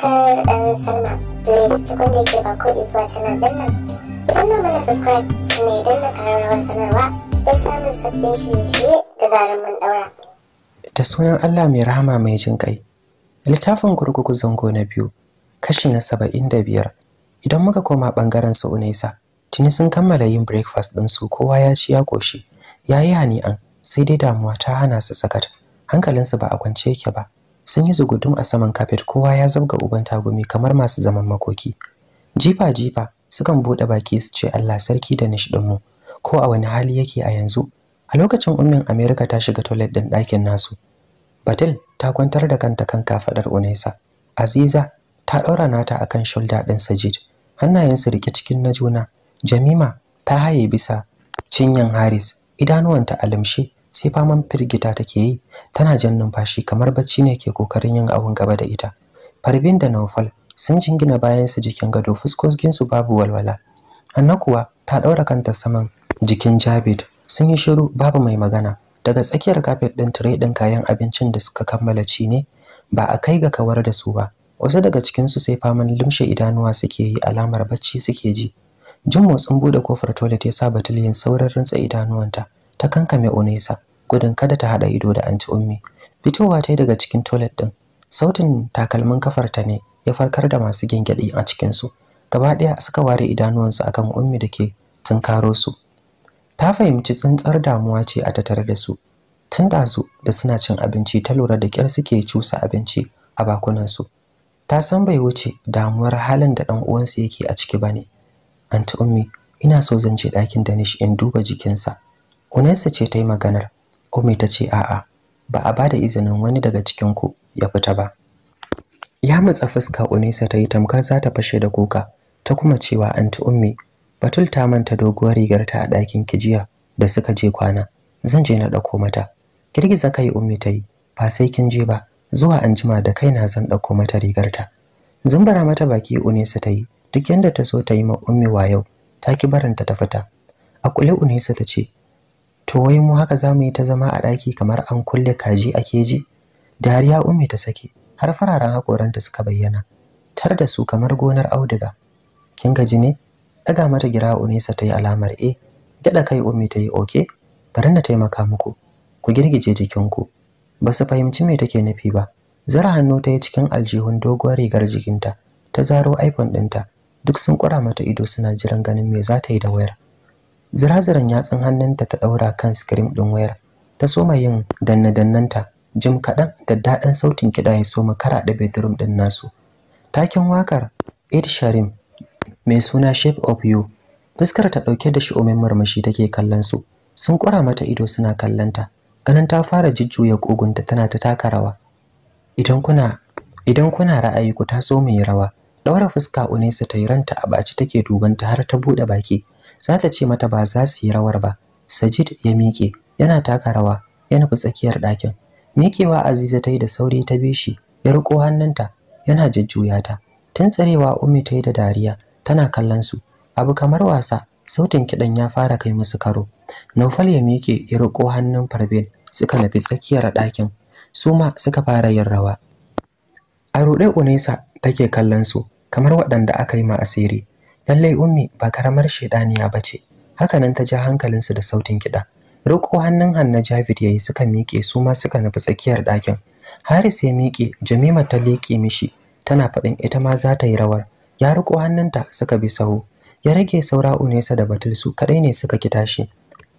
subscribe and sign up. Please da ba ko subscribe sanarwa don samun sabbin da sunan Allah mai rahama mai jin kai. Littafin gurgugu zango na biyu kashi na saba'in da biyar idan muka koma bangaren su Unaisa tuni sun kammala yin breakfast ɗinsu, kowa ya ci ya koshi yayi hani'an sai dai damuwa ta hana su sakat hankalinsu ba a kwance yake ba sun yi zugudun a saman kafet kowa ya zabga uban tagumi kamar masu zaman makoki jifa jifa sukan buɗe baki su ce Allah sarki da nish mu ko a wani hali yake a yanzu a lokacin ummin amerika ta shiga toilet din ɗakin nasu Batil ta kwantar da kanta kan kafaɗar unesa. Aziza ta ɗaura nata akan shoulder ɗin Sajid hannayensu rike cikin na juna Jamima ta haye bisa cinyan Haris idanuwanta alamshi. sai faman firgita take yi tana jan numfashi kamar bacci ne ke kokarin yin awon gaba da ita farbin da naufal sun jingina bayan su jikin gado fuskokinsu babu walwala anna kuwa ta ɗaura kanta saman jikin jabid sun yi shiru babu mai magana daga tsakiyar kafet ɗin tire ɗin kayan abincin da suka kammala ci ne ba a kai ga kawar da su ba wasu daga cikin su sai faman limshe idanuwa suke yi alamar bacci suke ji jin motsin buɗe kofar toilet ya sa batul yin saurin idanuwanta ta kankame onesa gudun kada ta haɗa ido da anti ummi fitowa ta daga cikin toilet ɗin sautin takalmin kafarta ne ya farkar da masu gyangyaɗi a cikinsu gaba ɗaya suka ware idanuwansu akan ummi da ke tunkaro su ta fahimci tsantsar damuwa ce a tattare da su tun ɗazu da suna cin abinci ta lura da ƙyar suke cusa abinci a su. ta san bai wuce damuwar halin da ɗan uwansu yake a ciki bane anti ummi ina so zan je ɗakin danish in duba jikinsa unesa ce ta yi maganar ummi ta ce a'a ba a bada izinin wani daga cikin ku ya fita ba ya matsa fuska Unisa ta yi tamkar za ta fashe da kuka ta kuma cewa anti ummi batul ta manta doguwar rigarta a ɗakin kijiya da suka je kwana zan je na ɗauko mata girgiza kai ummi ta yi ba sai kin je ba zuwa anjima da kaina zan ɗauko mata rigarta zumbara mata baki unisa ta yi duk yanda ta so ta yi ma ummi wayo yau ta ki barinta ta fita a kule unesa ta ce to wai mu haka za mu yi ta zama a ɗaki kamar an kulle kaji a keji dariya ummi ta sake har fararen hakoranta suka bayyana tar da su kamar gonar auduga kin gaji ne daga mata gira'u nesa ta yi alamar e daɗa kai ummi ta yi oke bari na taimaka muku ku girgije jikinku ba su fahimci me take nufi ba zara hannu ta yi cikin aljihun doguwar rigar jikinta ta zaro iphone ɗinta duk sun ƙura mata ido suna jiran ganin me za ta yi da wayar ziraziran yatsun hannunta ta ɗaura kan screen ɗin wayar ta soma yin danna-dannanta jim kaɗan da daɗin sautin kiɗa ya soma da bedroom ɗin nasu taken wakar id sharim mai suna shape of you fuskar ta ɗauke da shi shi'umin marmashi take kallon su sun ƙura mata ido suna kallonta ganin ta fara jujjuya ƙugunta tana ta taka rawa idan kuna idan kuna ra'ayi ku taso mai rawa ɗaura fuska unesa ta yi ranta a ɓaci take dubanta har ta buɗe baki za ta ce mata ba za su yi rawar ba sajid ya miƙe yana taka rawa ya nufi tsakiyar ɗakin miƙewa aziza ta yi da sauri ta bi shi ya riƙo hannunta yana jujjuya ta tsarewa ummi ta yi da dariya tana kallon su abu kamar wasa sautin kiɗan ya fara kai musu karo naufal ya miƙe ya riƙo hannun farbin suka nufi tsakiyar ɗakin su ma suka fara yin rawa a ruɗe unesa take kallon su kamar waɗanda aka yi ma asiri lallai ummi ba karamar shedaniya ba ce hakanan ta ja hankalinsu da sautin kiɗa riko hannun hanna ya yi suka miƙe su ma suka nufi tsakiyar ɗakin haris ya miƙe jamima ta leƙe mishi tana faɗin ita ma za ta yi rawar ya riƙo hannunta suka bi sahu ya rage saura unesa da batul su kaɗai ne suka ki tashi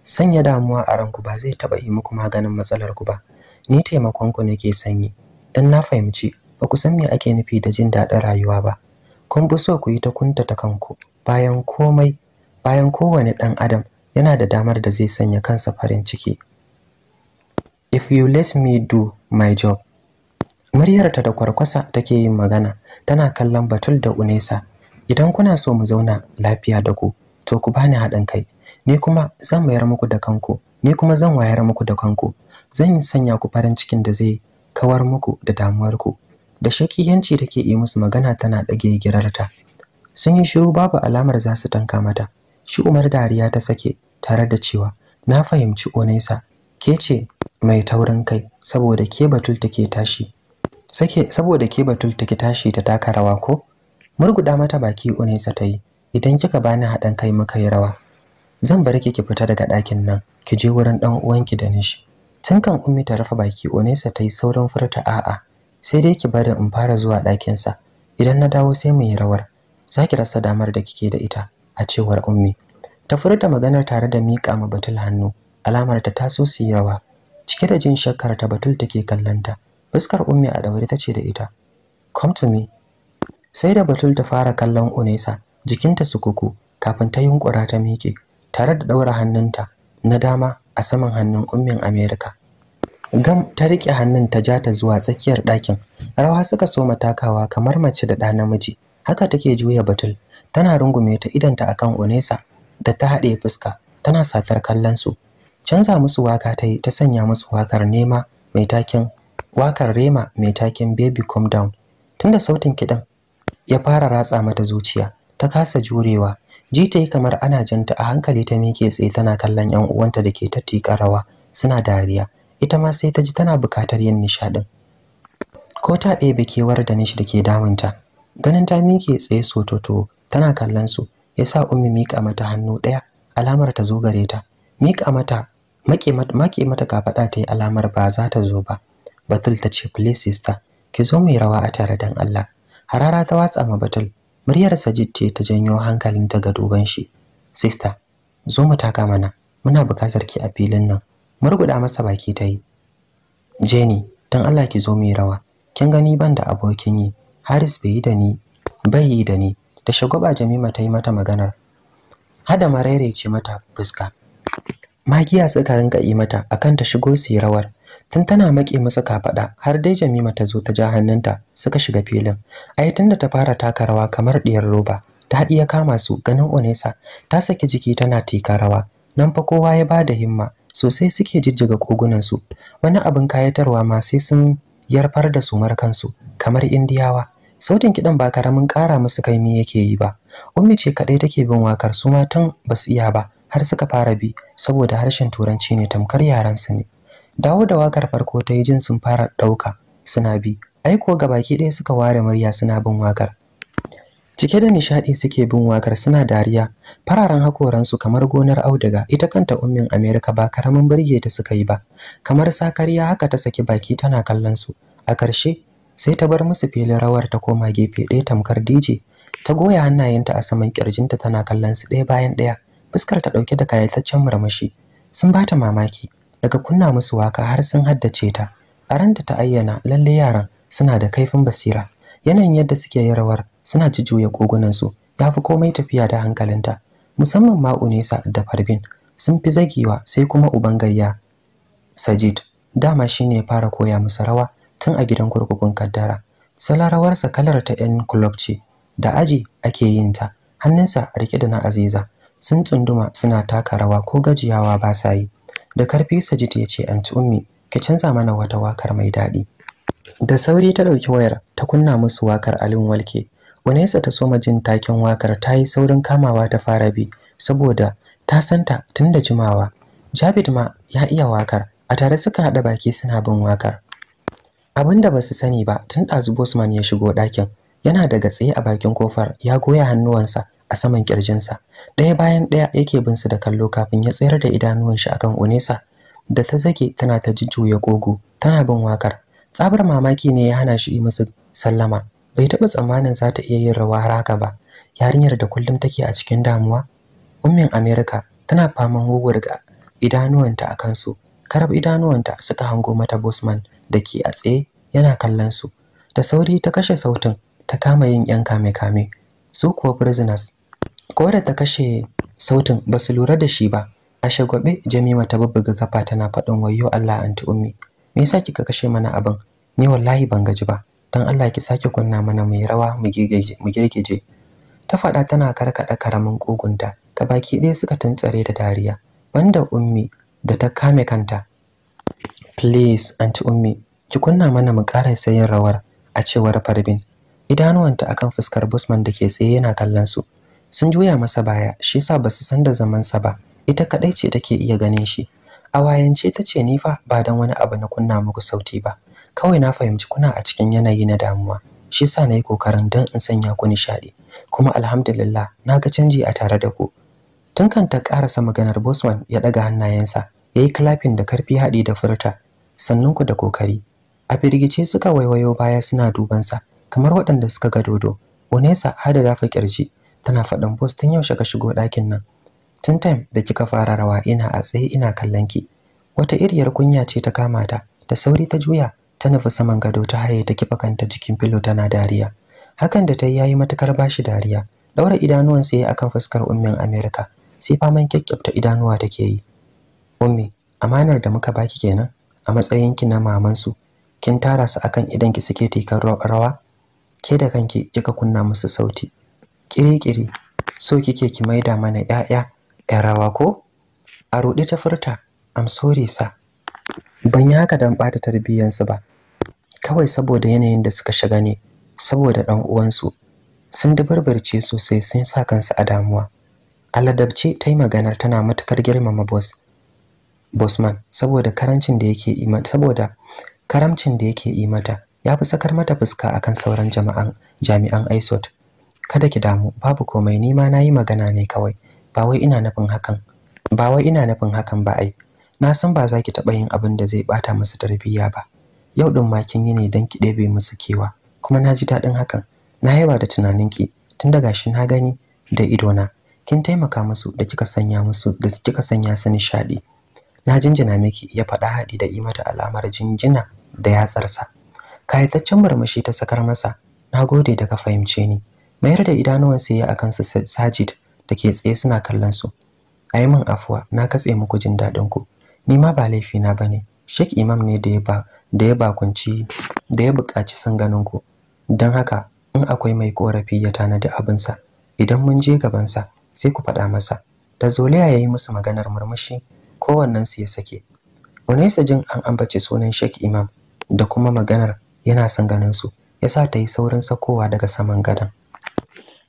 sanya damuwa a ranku ba zai taɓa yi muku maganin matsalar ku ba ni taimakon ku nake sanyi dan na fahimci ba ku san me ake nufi da jin daɗin rayuwa ba kun fi so ku yi ta kuntata kanku bayan komai bayan kowane ɗan adam yana da damar da zai sanya kansa farin ciki if you let me do my job muryarta da kwarkwasa take yin magana tana kallon batul da unesa idan kuna so mu zauna lafiya da ku to ku bani haɗin kai ni kuma zan mayar muku da kanku ni kuma zan wayar muku da kanku zan sanya ku farin cikin da zai kawar muku da damuwarku da shakiyanci ke yi musu magana tana ɗage girarta sun yi shiru babu alamar za su tanka mata shi umar dariya ta sake tare da cewa na fahimci onesa ke ce mai taurin kai saboda ke batul take tashi ke tashi ta taka rawa ko murguda mata baki onesa ta yi idan kika bani haɗin kai muka yi rawa zan bar ki ki fita daga ɗakin nan ki je wurin ɗan uwanki da nishi tun kan ummi ta rufe baki onesa ta yi saurin furta a'a sai dai ki bari in fara zuwa ɗakinsa idan na dawo sai mu yi rawar zaki rasa damar da kike da ita a cewar ummi ta furta maganar tare da mika ma batul hannu alamar ta taso su yi rawa cike da jin shakkar ta batul take kallanta fuskar ummi a daure ta ce da ita come to me sai da batul ta fara kallon unesa jikinta su kuku, kafin ta yunkura ta miƙe tare da ɗaura hannunta na dama a saman hannun ummin america gam ta riƙe hannun ta ja ta zuwa tsakiyar ɗakin rawa suka so matakawa kamar mace da ɗa namiji haka take juya batul tana rungume ta idanta akan onesa da ta haɗe fuska tana satar kallon su canza musu waka ta yi ta sanya musu wakar nema mai takin wakar rema mai takin baby Come down tunda sautin kiɗan ya fara ratsa mata zuciya ta kasa jurewa ji ta yi kamar ana janta a hankali ta miƙe tsaye tana kallon 'yan uwanta da ke tattika rawa suna dariya ita ma sai ta ji tana bukatar yin nishaɗin. ko ta ɗebe kewar da nishi da ke damunta ganin ta miƙe tsaye sototo tana kallon su ya sa ummi miƙa mata hannu ɗaya alamar ta zo gare ta miƙa mata maƙe mata kafaɗa ta yi alamar ba za ta zo ba batul ta ce please sister ki zo mai rawa a tare dan Allah harara ta watsa ma batul muryar sajid ce ta janyo hankalinta ga duban shi sister zo mu taka mana muna buƙatar ki a filin nan murguda masa baki ta yi jenny don allah ki zo mai rawa kin gani ban da abokin yi haris bai yi da ni bai yi da ni da shagwaba jamima ta yi mata maganar hada marere ce mata fuska magiya suka rinka yi mata akan ta shigo su yi rawar tun tana maƙe masa kafaɗa har dai jamima ta zo ta ja hannunta suka shiga filin ai tun da ta fara taka rawa kamar ɗiyar roba ta iya kama su ganin onesa ta saki jiki tana tika rawa nan fa kowa ya ba da himma sosai suke jijjiga kogunansu wani abin kayatarwa ma sai sun yarfar da su markansu kamar indiyawa sautin kiɗan ba karamin ƙara musu kaimi yake yi ba ummi ce kaɗai take bin wakar su matan ba su iya ba har suka fara bi saboda harshen turanci ne tamkar yaran su ne dawo da wakar farko ta yi jin sun fara ɗauka suna bi aiko ga baki ɗaya suka ware murya suna bin wakar cike da nishadi suke bin wakar suna dariya fararen hakoransu kamar gonar auduga ita kanta ummin america ba karamin birge ta suka yi ba kamar sakariya haka ta saki baki tana kallon su a karshe sai ta bar musu filin rawar ta koma gefe ɗaya tamkar dj ta goya hannayenta a saman kirjinta tana kallon su ɗaya bayan ɗaya fuskar ta ɗauke da kayataccen murmushi sun bata mamaki daga kunna musu waka har sun haddace ta a ranta ta ayyana lalle yaran suna da kaifin basira yanayin yadda suke rawar. suna jujjuya kogunansu ya fi komai tafiya da hankalinta musamman ma Unesa da Farbin sun fi zagewa sai kuma uban gayya Sajid dama shine ya fara koya musu rawa tun a gidan kurkukun Kaddara salarawarsa kalar ta 'yan kulob ce da aji ake yin ta hannunsa rike da na Aziza sun tsunduma suna taka rawa ko gajiyawa ba sa yi da karfi Sajid ya ce anti ummi ki canza mana wata wakar mai daɗi da sauri ta ɗauki wayar ta kunna musu wakar alin walke Unesa ta soma jin taken wakar ta yi saurin kamawa ta fara bi saboda ta santa tun da jimawa. Jabit ma ya iya wakar, a tare suka haɗa baki suna bin wakar. Abin da ba su sani ba tun ɗazu Bosman ya shigo ɗakin, yana daga tsaye a bakin kofar ya goya hannuwansa a saman kirjinsa. Ɗaya bayan ɗaya yake bin su da kallo kafin ya tsayar da idanuwan shi akan Unesa da ta zage tana ta jujjuya gogo tana bin wakar. Tsabar mamaki ne ya hana shi yi musu sallama bai taɓa tsammanin za ta iya yin rawa haka ba yarinyar da kullum take a cikin damuwa ummin america tana faman ga idanuwanta a kansu karab idanuwanta suka hango mata bosman da ke a tsaye yana kallon su da sauri ta kashe sautin ta kama yin yan kame-kame su kuwa prisoners ko da ta kashe sautin ba su lura da shi ba a shagwabe jamima ta bubbuga kafa tana faɗin wayo allah anti ummi me yasa kika kashe mana abin ni wallahi ban gaji ba don Allah ki sake kunna mana mai rawa mu girgije ta faɗa tana karkaɗa karamin ƙugunta ka baki ɗaya suka tantsare da dariya banda ummi da ta kame kanta please anti ummi ki kunna mana mu ƙarasa sayin rawar a cewar farbin idanuwanta akan fuskar busman da ke tsaye yana kallon su sun juya masa baya shi yasa ba su san da zaman sa ba ita kadai ce take iya ganin shi a wayance ta ni fa ba dan wani abu na kunna muku sauti ba Kawai na fahimci kuna a cikin yanayi na damuwa, shi sa na yi kokarin don in sanya ku nishaɗi. Kuma alhamdulillah na ga canji a tare da ku. Tun kan ta ƙarasa maganar Bosman ya ɗaga hannayensa, ya yi clapping da karfi haɗi da furta, sannan ku da kokari. A firgice suka waiwayo baya suna dubansa, kamar waɗanda suka ga dodo. unesa hada dafa ƙirji, tana faɗin bos tun yaushe ka shigo ɗakin nan. Tun time da kika fara rawa ina a tsaye ina kallon ki. Wata iriyar kunya ce ta kama ta, da sauri ta juya, ta nufi saman gado ta haye ta kifa kanta jikin filo tana dariya hakan da ta yi yayi matukar bashi dariya daura idanuwan sai akan fuskar ummin America sai faman ta idanuwa take yi ummi amanar da muka baki kenan a matsayin ki na maman su kin tara su akan idan ki suke tikar rawa ke da kanki kika kunna musu sauti kirikiri so kike ki maida mana 'ya'ya ƴan rawa ko a rudi ta furta am sorry sa ban yi haka dan bata tarbiyyar ba kawai saboda yanayin da suka shiga ne saboda ɗan uwansu sun barbarce sosai sun sa kansu a damuwa aladabce ta yi maganar tana matukar girmama bos bosman saboda karancin da yake yi karamcin da yake yi mata ya fi sakar mata fuska akan sauran jama'an jami'an isot kada ki damu babu komai ni ma yi magana ne kawai ba wai ina nufin hakan ba wai ina nufin hakan ba ai na san ba za ki taɓa yin abin da zai bata masu tarbiyya ba yau din ma kin yi ne don ki ɗebe musu kewa kuma na ji daɗin hakan na yaba da tunaninki tun da gashi na gani da idona kin taimaka musu da kika sanya musu da kika sanya su nishaɗi na jinjina miki ya faɗa haɗi da yi mata alamar jinjina da yatsarsa kayataccen murmushi ta sakar masa na gode da ka fahimce ni mayar da idanuwan ya akan su sajid da ke tsaye suna kallon su a yi min afuwa na katse muku jin daɗin ku ni ma ba laifina ba ne Sheikh Imam ne da ya ba da ya bakunci da ya buƙaci san ganin ku. Don haka in akwai mai korafi ya tanadi sa idan mun je gabansa sai ku faɗa masa. Da zoliya ya yi musu maganar murmushi su ya sake. Unaisa jin an ambace sunan Sheikh Imam da kuma maganar yana son ganin su yasa ta yi saurin sakowa daga saman gadon.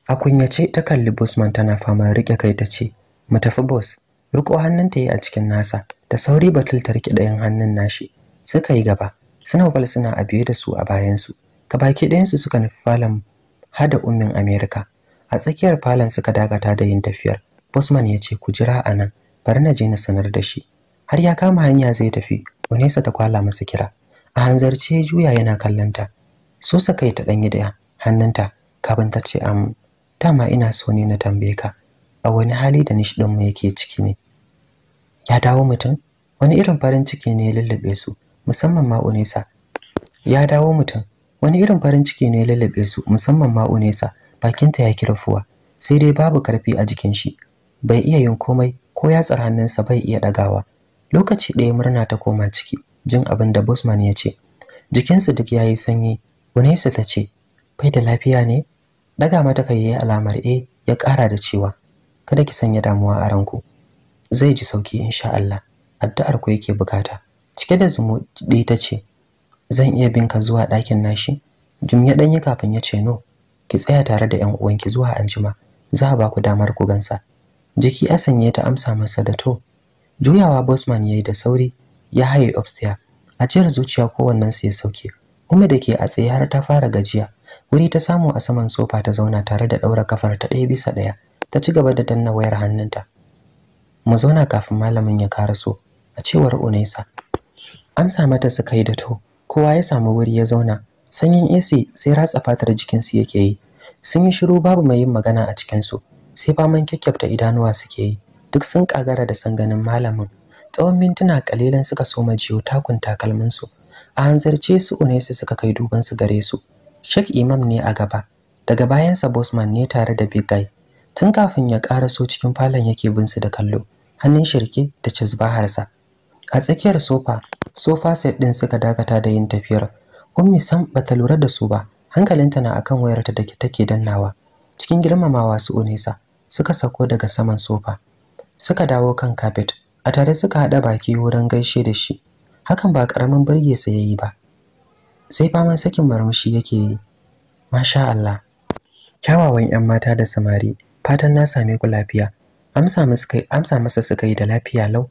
A kunyace ta kalli Bosman tana fama rike kai ta ce, "Mu tafi Bos." Riko hannunta yi a cikin nasa, da sauri batul ta rike ɗayan hannun nashi suka yi gaba Sinabal suna a biye da su a bayansu baki ɗayansu suka nufi falon hada ummin Amerika a tsakiyar falon suka dagata da yin tafiyar Bosman ya ce ku jira a nan bari na je na sanar da shi har ya kama hanya zai tafi Onesa ta kwala masa kira a hanzarce juya yana kallonta so sakai ta ɗanyi da hannunta kafin ta ce am dama ina so ne na tambaye ka a wani hali da nishi mu yake ciki ne ya dawo mutum wani irin farin ciki ne ya lullube su musamman ma Unesa ya dawo mutum wani irin farin ciki ne ya lullube su musamman ma Unesa bakinta ya kirfuwa sai dai babu karfi a jikin shi bai iya yin komai ko yatsar hannunsa bai iya dagawa lokaci ɗaya murna ta koma ciki jin abin da Bosman ya ce jikinsu duk yayi sanyi Unesa ta ce bai da lafiya ne daga mata kai yayi alamar A, eh, ya ƙara da cewa kada ki sanya damuwa a ranku zai ji sauki insha Allah addu'ar ku yake bukata cike da zumuɗi ta ce zan iya bin ka zuwa ɗakin nashi jumya ya ɗanyi kafin ya ce no ki tsaya tare da 'yan uwanki zuwa anjima za a ba ku damar ku gansa jiki ya sanye ta amsa masa da to juyawa bosman yayi da sauri ya haye upstairs a jiyar zuciya kowannensu ya sauke Umma da ke a tsaye har ta fara gajiya, wuri ta samu a saman sofa ta zauna tare da ɗaura kafar ta ɗaya bisa ɗaya, ta ci gaba da danna wayar hannunta. mu zauna kafin malamin ya karaso a cewar unaisa amsa mata suka yi da to kowa ya samu wuri ya zauna sanyin AC sai ratsa fatar jikinsu yake yi sun yi shiru babu mai yin magana a cikinsu sai faman kyakkyafta idanuwa suke yi duk sun kagara da san ganin malamin tsawon mintuna kalilan suka soma jiyo takun takalminsu a hanzarce su Unesa suka kai duban su gare su shek imam ne a gaba daga bayansa bosman ne tare da big guy tun kafin ya ƙara karaso cikin falon yake bin su da kallo hannun shirke da cizbaharsa a tsakiyar sofa sofa set din suka dakata da yin tafiyar ummi sam bata lura da su ba hankalinta na akan wayarta da ke take dannawa cikin girmamawa su unesa suka sako daga saman sofa suka dawo kan carpet a tare suka hada baki wurin gaishe da shi hakan ba karamin burge sa yayi ba sai fama sakin marmushi yake yi masha Allah kyawawan 'yan mata da samari fatan na same ku lafiya amsa masa kai amsa masa suka yi da lafiya lau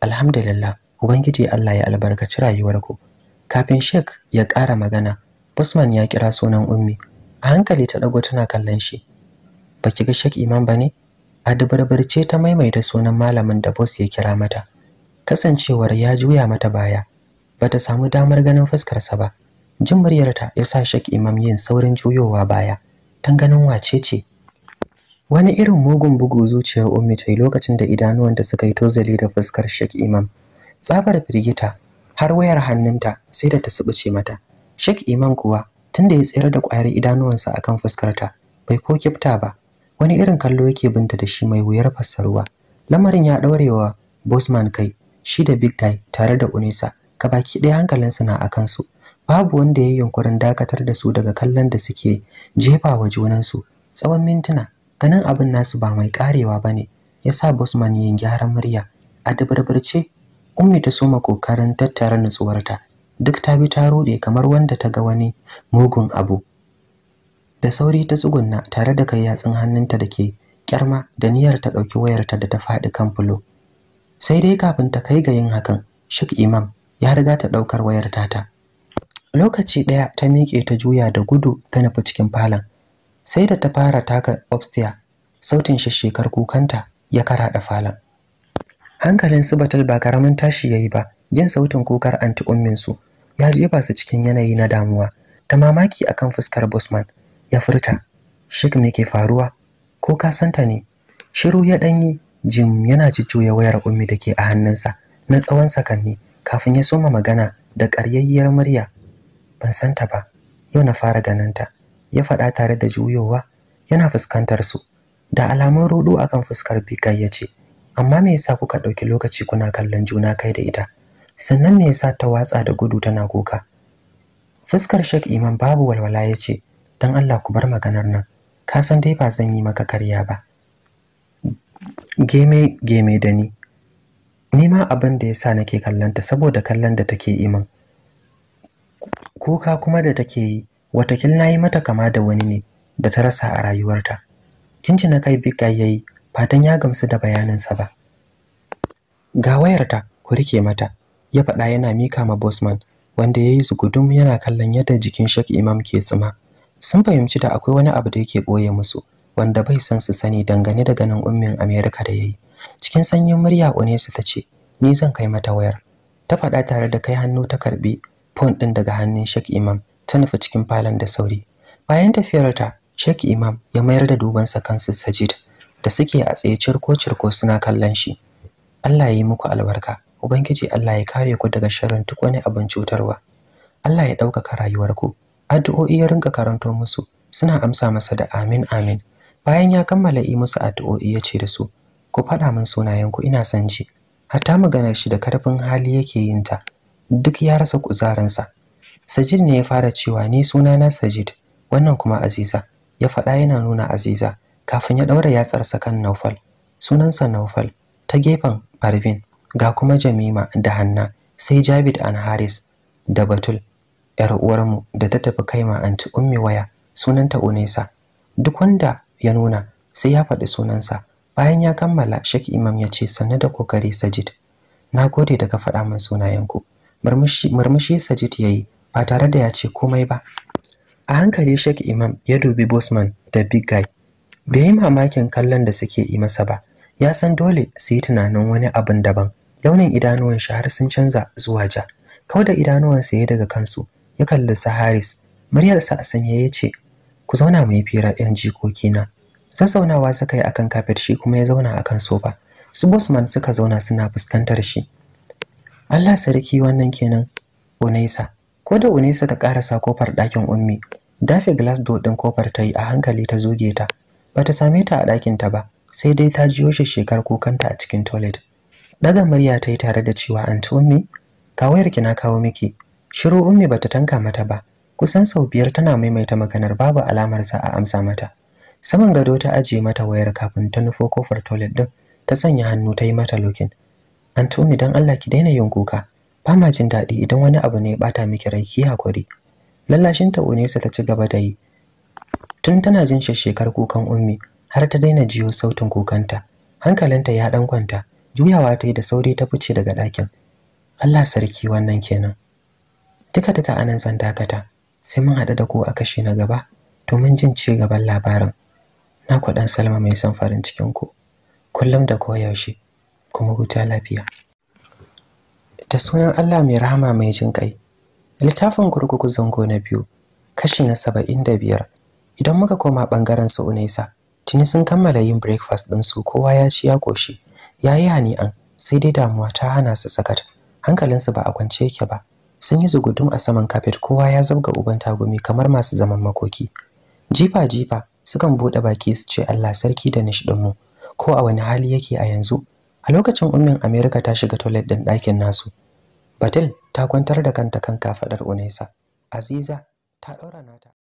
alhamdulillah ubangiji Allah ya albarkaci rayuwarku kafin shek ya ƙara magana busman ya kira sunan Ummi a hankali ta dago tana kallon shi baki ga shek Imam bane a dabarbarce ta maimaita sunan malamin da boss ya kira mata kasancewar ya juya mata baya bata samu damar ganin fuskarsa ba jin muryarta ya sa shek Imam yin saurin juyowa baya tan ganin wace ce wani irin mugun bugu zuciyar ummi ta lokacin da idanuwanta suka yi tozali da fuskar shek imam tsabar firgita har wayar hannunta sai da ta subuce mata shek imam kuwa tunda ya tsayar da ƙwayar idanuwansa akan fuskarta bai ko kifta ba wani irin kallo yake binta da shi mai wuyar fassaruwa lamarin ya ɗaurewa bosman kai shi da big guy tare da unisa baki ɗaya hankalinsu na a kansu babu wanda ya yi yunkurin dakatar da su daga kallon da suke jefa wa junansu tsawon mintuna ganin abin nasu ba mai karewa ya sa bosman yin gyaran murya a dabarbarce ummi ta soma kokarin tattara nutsuwarta duk ta bi ta rode kamar wanda ta ga wani mugun abu da sauri ta tsugunna tare da kai yatsun hannunta da ke kyarma da niyyar ta ɗauki wayarta da ta faɗi kan fulo sai dai kafin ta kai ga yin hakan shik imam ya riga ta ɗaukar wayar tata lokaci ɗaya ta miƙe ta juya da gudu ta nufi cikin falon sai da ta fara taka obstia sautin shi shekar kukanta ya kara da falon hankalin su batal ba karamin tashi yayi ba jin sautin kukar anti ummin su ya jefa su cikin yanayi na damuwa ta mamaki akan fuskar bosman ya furta shik me ke faruwa ko ka santa ne shiru ya danyi jim yana jujjuya wayar ummi da ke a hannunsa na tsawon sakanni kafin ya soma magana da ƙaryayyiyar murya ban santa ba yau na fara ganinta ya faɗa tare da juyowa yana fuskantar su da alamun rudu akan fuskar bigai ya ce amma me yasa kuka ɗauki lokaci kuna kallon juna kai da ita sannan me yasa ta watsa da gudu tana kuka fuskar shek iman babu walwala ya ce don allah ku bar maganar nan ka san dai ba zan yi maka karya ba geme geme da ni ni ma abin da yasa nake kallonta saboda kallon da take iman kuka kuma da take yi watakil na yi mata kama da wani ne da ta rasa a rayuwarta na kai bigga ya yi fatan ya gamsu da bayaninsa ba ga wayarta ku rike mata ya faɗa yana mika ma bosman wanda ya yi zugudum yana kallon yadda jikin shek imam ke tsima sun fahimci da akwai wani abu da yake ɓoye musu wanda bai san su sani dangane da ganin ummin amerika da ya yi cikin sanyin murya su ta ce ni zan kai mata wayar ta faɗa tare da kai hannu ta karɓi fon ɗin daga hannun shek imam ta nufa cikin falon da sauri bayan tafiyarta shek Imam ya mayar da dubansa kansu Sajid da suke a tsaye cirko-cirko suna kallon shi. Allah ya yi muku albarka, Ubangiji Allah ya kare ku daga sharrin duk wani abin cutarwa. Allah ya ɗaukaka ku. Addu'o'i ya rinka karanto musu, suna amsa masa da amin amin. Bayan ya kammala yi musu addu'o'i ya ce da su, ku faɗa min sunayenku ina son ji. Hatta maganar shi da karfin hali yake yin ta, duk ya rasa kuzarinsa Sajid ne ya fara cewa ni sunana Sajid, wannan kuma Aziza. Ya faɗa yana nuna Aziza kafin ya ɗaura yatsarsa kan Naufal. Sunansa Naufal ta gefen Parvin ga kuma Jamima da Hanna sai Jabid an Haris da Batul ‘yar uwarmu da ta tafi kaima anti Ummi waya sunanta Unesa. Duk wanda ya nuna sai ya faɗi sunansa. Bayan ya kammala shek Imam ya ce sannu da kokari Sajid. Na gode daga faɗa min sunayenku. Murmushi Sajid yayi ba tare da ya ce komai ba a hankali Sheikh Imam ya dubi Bosman da Big Guy bai yi mamakin kallon da suke yi masa ba ya san dole su yi tunanin wani abin daban launin idanuwan shi har sun canza zuwa ja kau da idanuwan ya daga kansu ya kalli su Haris muryarsa a sanye ya ce ku zauna mu yi fira yan na zazzaunawa suka yi akan kafet shi kuma ya zauna akan sofa su Bosman suka zauna suna fuskantar shi Allah sarki wannan kenan Onaisa. ko da unesa ta karasa kofar ɗakin ummi dafe glass door ɗin kofar ta yi a hankali ta zuge ta bata same ta a ɗakin ta ba sai dai ta jiyo shi shekar kukanta a cikin toilet daga murya ta yi tare da cewa anti ummi kawayar ki na kawo miki shiru ummi bata tanka mata ba kusan sau biyar tana maimaita maganar babu alamar sa a amsa mata saman gado ta ajiye mata wayar kafin ta nufo kofar toilet ɗin, ta sanya hannu ta yi mata lokin anti ummi dan Allah ki daina yin kuka Bama jin daɗi idan wani abu ne ya ɓata miki rai ki hakuri lallashin ta unesa ta ci gaba da yi tun tana jin shekar kukan ummi har ta daina jiyo sautin kukanta hankalinta ya ɗan kwanta juyawa ta yi da sauri ta fice daga ɗakin Allah sarki wannan kenan duka duka anan zan dakata sai mun haɗu da ku a kashi na gaba domin jin ci gaban labarin na kwaɗan salma mai son farin cikin ku kullum da koyaushe kuma huta lafiya da sunan Allah mai rahama mai jin kai littafin kurkuku zango na biyu kashi na saba'in da biyar idan muka koma ɓangaren su unaisa tuni sun kammala yin breakfast su. kowa ya ci ya koshi ya yi hani'an sai dai damuwa ta hana su sakat hankalinsu ba a kwance yake ba sun yi zugudum a saman kafet kowa ya zabga uban tagumi kamar masu zaman makoki jifa jifa sukan buɗe baki su ce Allah sarki da nish ko a wani hali yake a yanzu a lokacin ummin amerika ta shiga toilet din ɗakin nasu batil ta kwantar da kanta kan kafaɗar unesa, aziza ta ɗaura nata